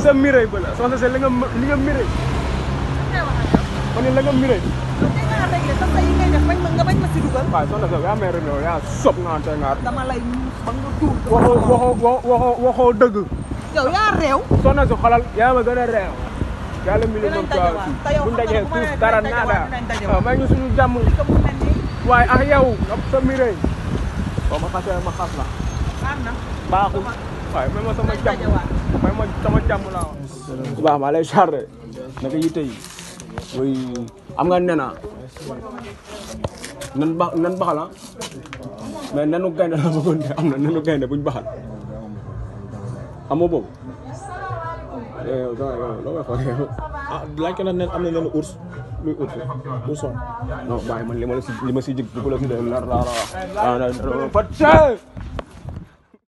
sa miray ba la soxna si li nga miray. ma ne la nga miray. nga bañ si yaa may réunion yaa sob nga nga. dama lay ba nga dëgg. yaa réew. soxna si xolal yaa ma gën a réew. yàlla mi ngi doon taw si bu ndajee tuus dara naada waaw may ma baax maa lay charré naka yitte yi woy am nga nena nan ba nan baxal ah mais nanu gaynde la bëggoon de am na nanu gaynde buñ baxal amoo boobu laaj na am na nen ours luy ours ourson non bàyyi man li ma la si ma si jig bu ko la si de nar laa la wax